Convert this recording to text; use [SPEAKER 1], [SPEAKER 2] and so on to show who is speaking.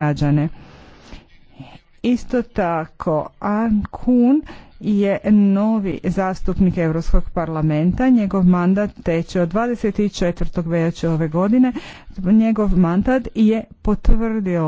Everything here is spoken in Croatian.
[SPEAKER 1] građane. Isto tako, an Kuhn je novi zastupnik Europskog parlamenta. Njegov mandat teče od 24. veljače ove godine. Njegov mandat je potvrdio